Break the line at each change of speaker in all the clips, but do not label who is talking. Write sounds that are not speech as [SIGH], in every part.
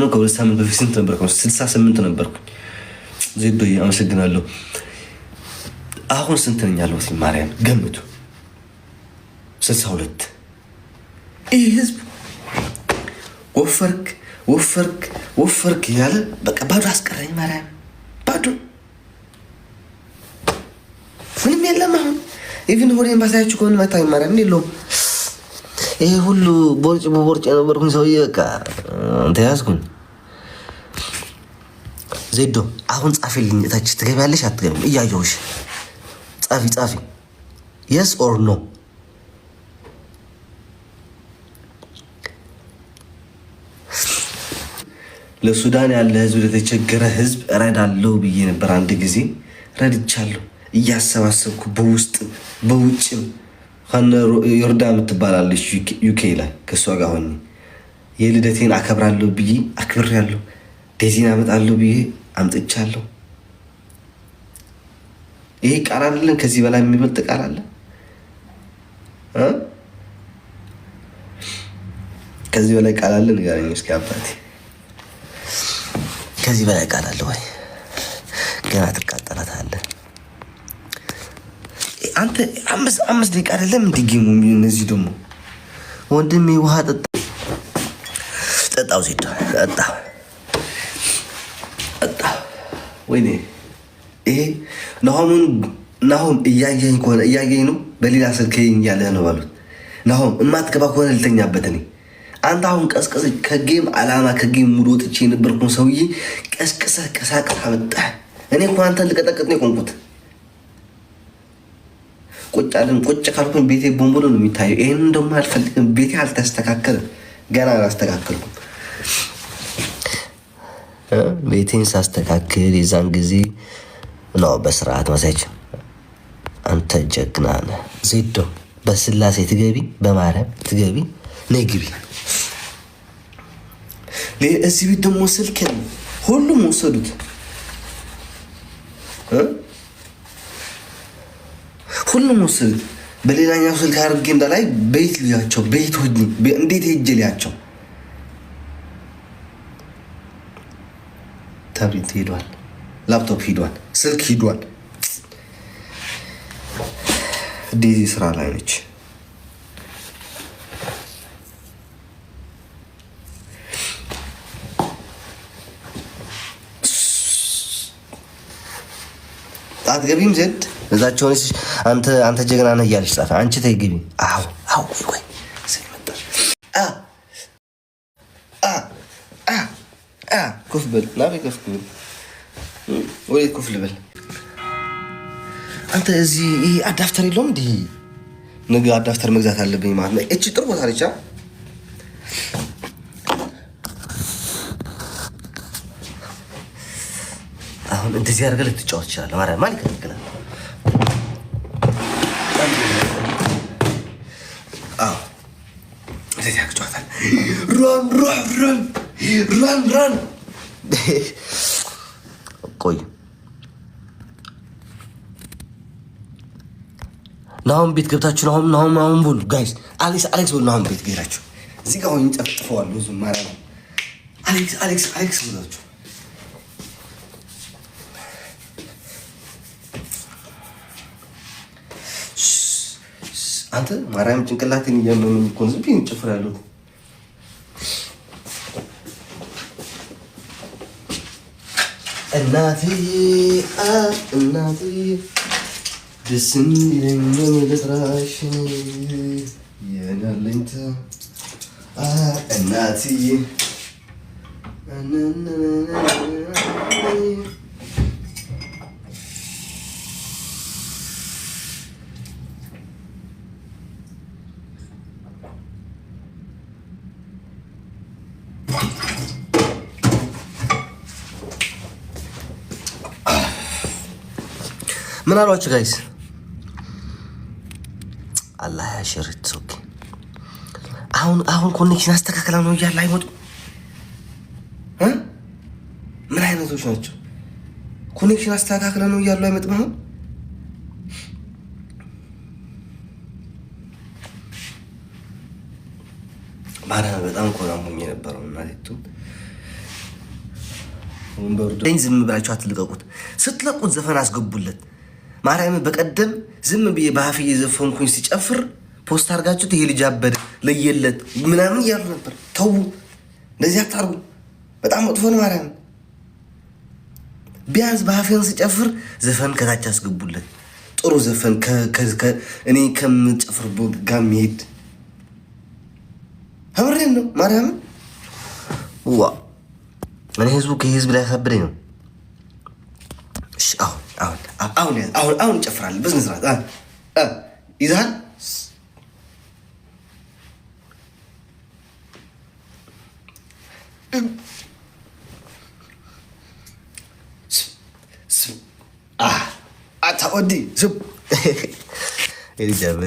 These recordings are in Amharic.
ነው ከሁለት ሳምንት በፊት ስንት ነበርኩ? ስልሳ ስምንት ነበርኩ። ዜዶ አመሰግናለሁ። አሁን ስንት ነኝ ያለሁት? ማርያም ገምቱ። ስልሳ ሁለት ይህ ህዝብ ወፈርክ ወፈርክ ወፈርክ እያለ በቃ ባዶ አስቀረኝ። ማርያም ባዶ ምንም የለም። አሁን ኢቭን ሆዴን ባሳያችሁ ከሆነ ማታ ማርያም የለውም
ይህ ሁሉ ቦርጭ በቦርጭ የነበርኩኝ ሰውዬ በቃ ተያዝኩኝ።
ዜዶ አሁን ጻፊልኝ፣ እታች ትገቢያለሽ አትገቢም? እያየሁሽ ጻፊ ጻፊ፣ የስ ኦር ኖ ለሱዳን ያለ ህዝብ ለተቸገረ ህዝብ እረዳለሁ ብዬ ነበር። አንድ ጊዜ ረድቻለሁ፣ እያሰባሰብኩ በውስጥ በውጭም ሀነ ዮርዳ የምትባላለች ዩኬ ላይ ከእሷ ጋር ሆኜ የልደቴን አከብራለሁ ብዬ ያለሁ ዴዚን አመጣለሁ ብዬ አምጥቻለሁ። ይሄ ቃል አይደለን? ከዚህ በላይ የሚበልጥ ቃል አለ? ከዚህ በላይ ቃል አለ? ንገረኝ እስኪ አባቴ፣ ከዚህ በላይ ቃል አለ ወይ? ገና ትቃጠላታለህ። አንተ አምስት አምስት ደቂቃ አይደለም እንዲገኙ እነዚህ ደግሞ ወንድሜ ውሃ ጠጣ ጠጣው ሴት ጠጣ ጠጣ። ወይኔ ይሄ ናሆምን ናሆም እያየኝ ከሆነ እያየኝ ነው፣ በሌላ ስልክ እያለ ነው ባሉት ናሆም እማትገባ ከሆነ ልተኛበት እኔ አንተ አሁን ቀስቀስ ከጌም አላማ ከጌም ሙሉ ወጥቼ የነበርኩን ሰውዬ ቀስቀሰ ቀሳቀስ አመጣ እኔ እኮ አንተን ልቀጠቅጥ ነው የቆምኩት። ቁጭ አለን። ቁጭ ካልኩኝ ቤቴ ቦምቦሎ ነው የሚታየው። ይህን ደግሞ አልፈልግም። ቤቴ አልተስተካከልም፣ ገና አላስተካከልኩም። ቤቴን ሳስተካክል የዛን ጊዜ ነው በስርዓት መሳች። አንተ ጀግና ነህ ዜዶ፣ በስላሴ ትገቢ፣ በማርያም ትገቢ፣ ነይ ግቢ። እዚህ ቤት ደግሞ ስልክ ሁሉም ወሰዱት። ሁሉም ስልክ በሌላኛው ስልክ አድርጌ እንዳላይ ቤት ልያቸው ቤት ሆ እንዴት ሄጄ ልያቸው ታብሌት ሂዷል፣ ላፕቶፕ ሂዷል፣ ስልክ ሂዷል። ዴዚ ስራ ላይ ነች። አትገቢም ዘንድ እዛቸውን አንተ አንተ ጀግና ነህ እያለች ጻፈ። አንቺ ተይ ግቢ። አዎ አዎ ቆይ ኩፍ በል ና ኩፍ በል ወይ ኩፍ ልበል አንተ እዚህ ይሄ አዳፍተር የለውም እንዲ ነገ አዳፍተር መግዛት አለብኝ ማለት ነው። እቺ ጥሩ ቦታ ነች። አሁን እንደዚህ አድርገህ ልትጫወት ይችላል። ማርያም ማን ይከለክላል? ራን [LAUGHS] ቆይ ናሁን ቤት ገብታችሁ ናሁን ናሁን ናሁን በሉ ጋይስ፣ አሌክስ አሌክስ በሉ ናሁን ቤት ገብታችሁ እዚህ ጋር ሆኜ ጨፍጥፈዋል። ብዙ ማራ ነው። አሌክስ አሌክስ አሌክስ ብላችሁ አንተ ማርያም ጭንቅላትን እያመመኝ እኮ ዝም ብዬ ጭፍር ያለሁት እናቴ እናቴ ደስ እንዲለኝ በስራሽ የናለኝታ እናቴ ምን አሏችሁ ጋይስ? አላህ ያሽርት። ኦኬ አሁን አሁን ኮኔክሽን አስተካክላ ነው እያለ አይመጡም። ምን አይነቶች ናቸው? ኮኔክሽን አስተካክላ ነው እያሉ አይመጡም። አሁን ባና በጣም ኮና ሞኝ የነበረው እና ዝም ብላችሁ አትልቀቁት። ስትለቁት ዘፈን አስገቡለት። ማርያም በቀደም ዝም ብዬ በአፌ የዘፈንኩኝ ሲጨፍር ፖስት አድርጋችሁት ይሄ ልጅ አበደ ለየለት ምናምን እያሉ ነበር። ተዉ፣ እንደዚህ አታርጉ። በጣም መጥፎ ነው። ቢያንስ በአፌን ሲጨፍር ዘፈን ከታች አስገቡለት። ጥሩ ዘፈን እኔ ከምጨፍር ጋር የሚሄድ ከምሬን ነው። ማርያም። ዋ እኔ ህዝቡ ከህዝብ ላይ ያሳብደኝ ነው። አሁን አሁን አሁን ጨፍራለሁ። በስነ ስርዓት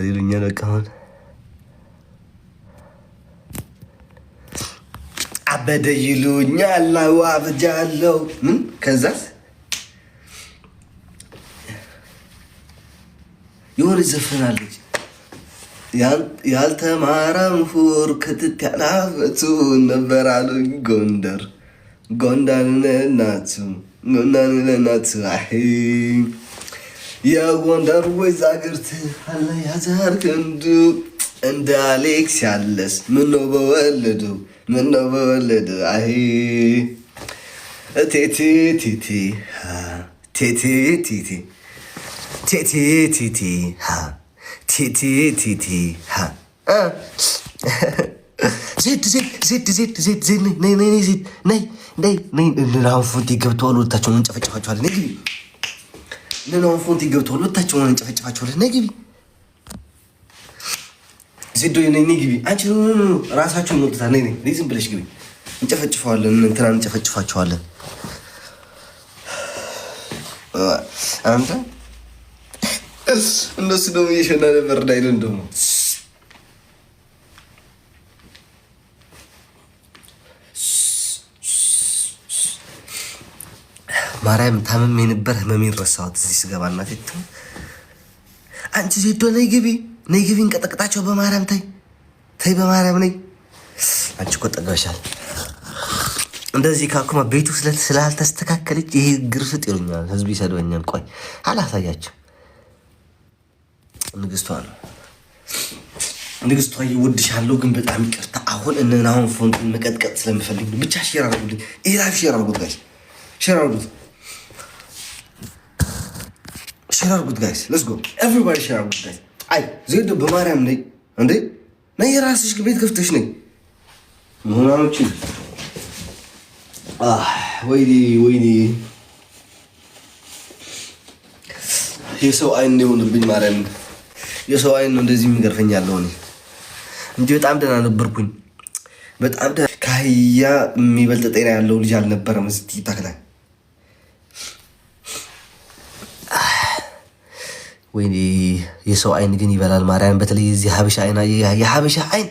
ይሉኛል። በቃ አሁን አበደ ይሉኛል። አላዋ ምን ከዛስ የሆነ ዘፈናለች ያልተማረ ምሁር ክትት ያላፈቱ ነበር አሉኝ። ጎንደር ጎንዳንነናቱ ጎንዳንነናቱ የጎንደር ወይዛግርት አለ ያዛር ክንዱ እንደ አሌክስ ያለስ ምነው በወለዱ ምነው በወለዱ አይ ቴቴ ቴቴ ቴቴ ቴቴ ፎንቲ ገብተዋል። ሁለታቸውን እንጨፈጨፋቸዋለን። ግቢ ነናሁን ፎንቲ ገብተዋል። ሁለታቸውን እንጨፈጨፋቸዋለን። ግቢ ዜዶ ነኝ ግቢ። አንቺ ራሳችሁን ወጥታ ነኝ ዝም ብለሽ ግቢ። እንጨፈጭፈዋለን፣ እንትና እንጨፈጭፋቸዋለን። አንተ እነሱ ደግሞ እየሸና ነበር እንዳይለን ደግሞ ማርያም ታመሜ ነበር፣ ህመሜን ረሳሁት። እዚህ ስገባ እናቴ አንቺ ዜዶ ነይ ግቢ፣ ነይ ግቢ፣ እንቀጠቅጣቸው በማርያም ታይ ታይ በማርያም ነይ። አንቺ እኮ ጠግበሻል። እንደዚህ ካኩማ ቤቱ ስላልተስተካከለች ይሄ ግርፍጥ ይሉኛል፣ ህዝቡ ይሰድበኛል። ቆይ አላሳያቸው ንግስቷ ነው። ንግስቷ እወድሻለሁ፣ ግን በጣም ይቅርታ አሁን እንን አሁን ፎንትን መቀጥቀጥ ስለምፈልግ ብቻ ሼር አድርጉልኝ። ይሄ ላይፍ ሼር አድርጉት ጋይስ፣ ሼር አድርጉት፣ ሼር አድርጉት ጋይስ። ሌትስ ጎ ኤቭሪባዲ ሼር አድርጉት ጋይስ። አይ ዜዶ በማርያም ነይ እንዴ ነይ፣ የራስሽ ቤት ከፍተሽ ነይ ምሁናኖች ወይኔ ወይኔ የሰው አይን የሆንብኝ ማርያምን የሰው አይን ነው እንደዚህ የሚገርፈኝ ያለው እኔ እንጂ በጣም ደህና ነበርኩኝ። በጣም ከአህያ የሚበልጥ ጤና ያለው ልጅ አልነበረም። እዚህ ቲክታክ ላይ ወይ የሰው አይን ግን ይበላል። ማርያም በተለይ የዚህ ሀበሻ አይን የሀበሻ አይን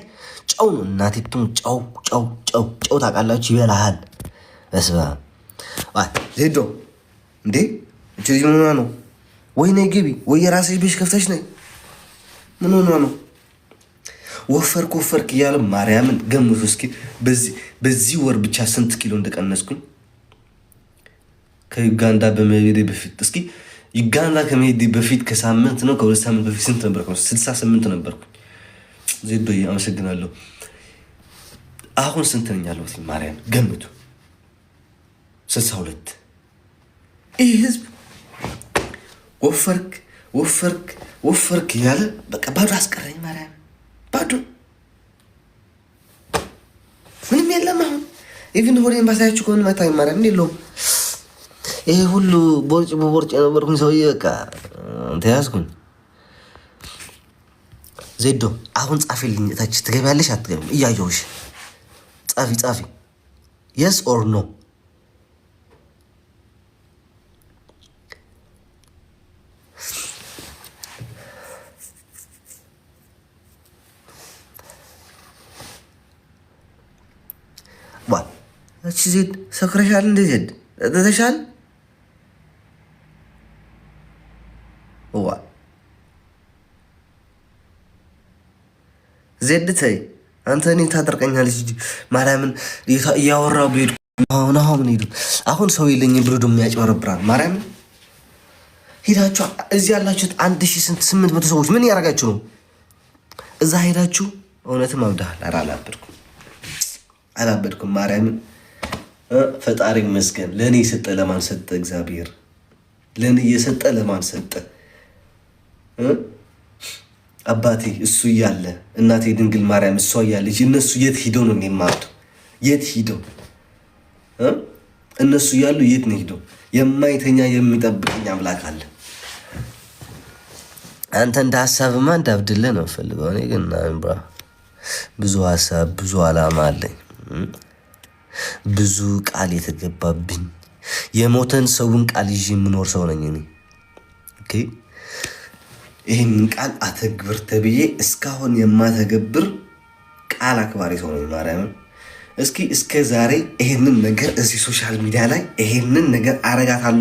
ጨው ነው እናቴ ብትሆን ጨው ጨው ጨው ጨው ታውቃላችሁ፣ ይበላሃል። በስበ ሄዶ እንዴ እች ምና ነው? ወይ ነይ ግቢ፣ ወይ የራስሽ ቤሽ ከፍተሽ ነይ ምን ሆኖ ነው ወፈርክ ወፈርክ እያለ ማርያምን ገምቱ እስኪ። በዚህ ወር ብቻ ስንት ኪሎ እንደቀነስኩኝ ከዩጋንዳ በመሄዴ በፊት እስኪ ዩጋንዳ ከመሄዴ በፊት ከሳምንት ነው ከሁለት ሳምንት በፊት ስንት ነበር? ስልሳ ስምንት ነበርኩኝ። ዜዶዬ አመሰግናለሁ። አሁን ስንት ነኝ ያለሁት? ማርያም ገምቱ። ስልሳ ሁለት ይህ ህዝብ ወፈርክ ወፈርክ ወፈርክ እያለ በቃ ባዶ አስቀረኝ። ማርያም ባዶ ምንም የለም። አሁን ኢቭን ሆዴን ባሳያችሁ ከሆነ መታኝ። ማርያም የለውም። ይሄ ሁሉ ቦርጭ በቦርጭ የነበርኩኝ ሰውዬ በቃ ተያዝኩኝ። ዜዶ አሁን ጻፊልኝ፣ እታች ትገቢያለሽ አትገቢም? እያየሁሽ ጻፊ ጻፊ፣ የስ ኦር ኖ እቺ ዜድ ሰክረሻል እንዴ? ዜድ ጠጥተሻል? እዋ ዜድ ተይ አንተ እኔ ታጠርቀኛለች ማርያምን እያወራ ብሄድ አሁን አሁን ሄዱ አሁን ሰው የለኝ ብሎ ደሞ ያጭበረብራል። ማርያምን ሄዳችሁ እዚህ ያላችሁት አንድ ሺ ስንት ስምንት መቶ ሰዎች ምን እያደረጋችሁ ነው? እዛ ሄዳችሁ እውነትም አብዳሃል። አላበድኩም አላበድኩም ማርያምን ፈጣሪ ይመስገን። ለእኔ የሰጠ ለማን ሰጠ? እግዚአብሔር ለእኔ የሰጠ ለማን ሰጠ? አባቴ እሱ እያለ እናቴ ድንግል ማርያም እሷ እያለች እነሱ የት ሂደው ነው የሚማሩት? የት ሂደው እነሱ እያሉ የት ነው ሂደው? የማይተኛ የሚጠብቀኝ አምላክ አለ። አንተ እንደ ሀሳብማ እንዳብድልህ ነው ፈልገው። እኔ ግን ብዙ ሀሳብ ብዙ አላማ አለኝ። ብዙ ቃል የተገባብኝ የሞተን ሰውን ቃል ይዤ የምኖር ሰው ነኝ እኔ። ይህንን ቃል አተግብር ተብዬ እስካሁን የማተገብር ቃል አክባሪ ሰው ነኝ። ማርያምን እስኪ እስከ ዛሬ ይሄንን ነገር እዚህ ሶሻል ሚዲያ ላይ ይሄንን ነገር አረጋታለሁ